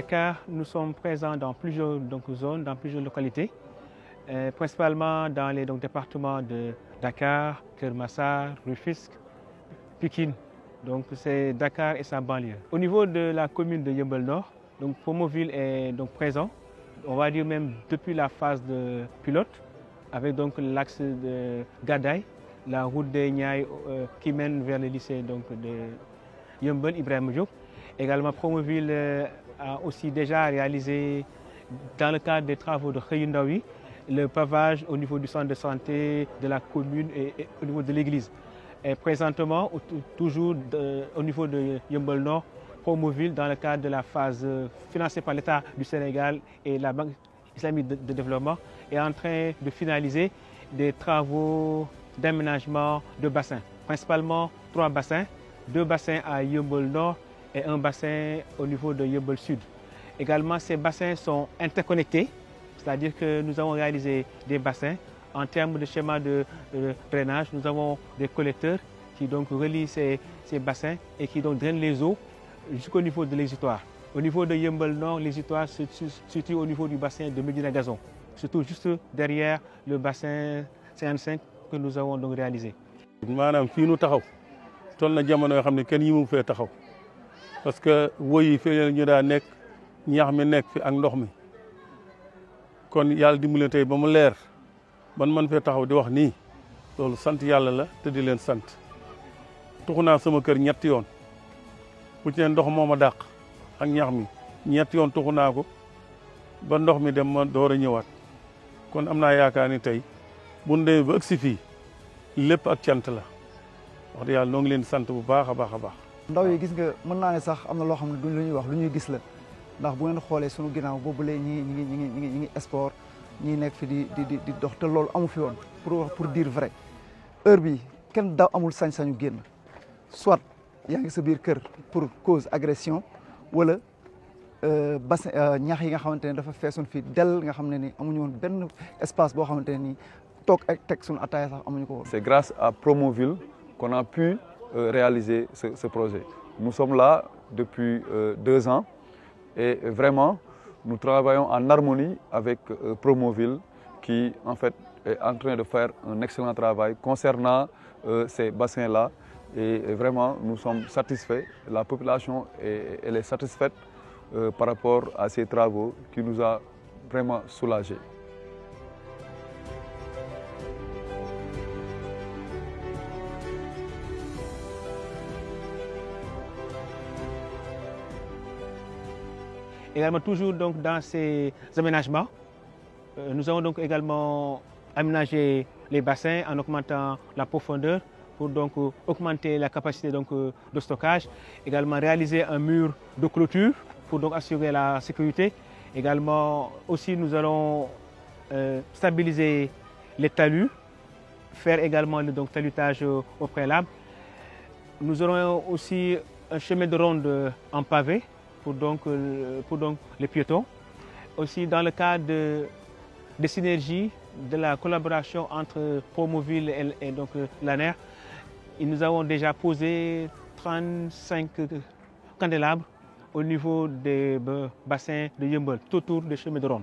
Dakar, nous sommes présents dans plusieurs donc, zones, dans plusieurs localités, euh, principalement dans les donc, départements de Dakar, Kermassar, Rufisque, Pikine. Donc c'est Dakar et sa banlieue. Au niveau de la commune de Yembel Nord, donc Promoville est donc présent, on va dire depuis la phase de pilote, avec donc l'axe de Gadaï, la route des Niaï euh, qui mène vers le lycée donc, de Yembel Ibrahim Diop. Également, Promoville euh, a aussi déjà réalisé, dans le cadre des travaux de Khayundawi, le pavage au niveau du centre de santé de la commune et, de l'église. Et présentement, toujours de, au niveau de Yumbel Nord, Promoville, dans le cadre de la phase euh, financée par l'État du Sénégal et la Banque islamique de, de développement, est en train de finaliser des travaux d'aménagement de bassin principalement trois bassins, deux bassins à Yumbel Nord et un bassin au niveau de Yeubel Sud. Également, ces bassins sont interconnectés, c'est-à-dire que nous avons réalisé des bassins. En termes de schéma de, de drainage, nous avons des collecteurs qui donc relient ces, ces bassins et qui donc drainent les eaux jusqu'au niveau de l'exutoire. Au niveau de Yembel Nord, l'exutoire se situe au niveau du bassin de Medina Gazon, surtout juste derrière le bassin 55 que nous avons donc réalisé. maanaam fii nu taxaw toll na jamono yoo xam ne kenn yi mu fee taxaw parce que woyi yi ñu daa nekk ñax mi nekk fi ak ndox mi kon yàlla dimbali tey ba mu leer ban man fee taxaw di wax nii loolu sant yàlla la te di leen sant tuxu naa sama kër ñetti yoon bu ne ndox moom a dàq ak ñax mi ñetti yoon tuxu naa ko ba ndox mi dem ma door a ñëwaat kon am naa yaakaar ni tey bu ñu demee ba ëgsi fii lépp ak cant la wax dëgg yàlla noo ngi leen sant bu baax a baax a baax ndaw yi gis nga mën naa sax am na loo xam ne duñ lu ñuy wax lu ñuy gis la ndax bu ngeen xoolee suñu ginnaaw boobu lee ñi ñi ngi ñi ngi ñi ngi sport ñi nekk fi di di di te loolu amu fi woon pour wax pour dire vrai heure bi kenn daw amul sañ-sañu génn soit yaa ngi sa biir kër pour cause agression wala euh, bassin euh, ñax yi nga xamante ne dafa feesoon fii del nga xam ne ni amuñu woon benn espace boo xamante ne ni toog ak teg sun ataaya sax amuñu ko woon. C'est grâce à Promoville qu'on a pu Euh, réaliser ce, ce, projet. Nous sommes là depuis euh, deux ans et vraiment, nous travaillons en harmonie avec euh, Promoville qui, en fait, est en train de faire un excellent travail concernant ces bassins-là. Et vraiment, nous sommes satisfaits. La population est, elle est satisfaite par rapport à ces travaux qui nous a vraiment soulagés. Également, toujours donc, dans ces aménagements, euh, nous avons donc également aménagé les bassins en augmentant la profondeur pour donc euh, augmenter la capacité donc, euh, de stockage. Également, réaliser un mur de clôture pour donc assurer la sécurité. Également, aussi, nous allons euh, stabiliser les talus, faire également le donc, talutage euh, au préalable. Nous aurons aussi un chemin de ronde euh, en pavé pour donc, euh, pour donc les piétons. Aussi dans le cadre de, de synergie de la collaboration entre Promoville et, et donc euh, l'ANER, nous avons déjà posé 35 euh, candélabres au niveau des bassins de Yumbel, tout autour des chemins de Rome.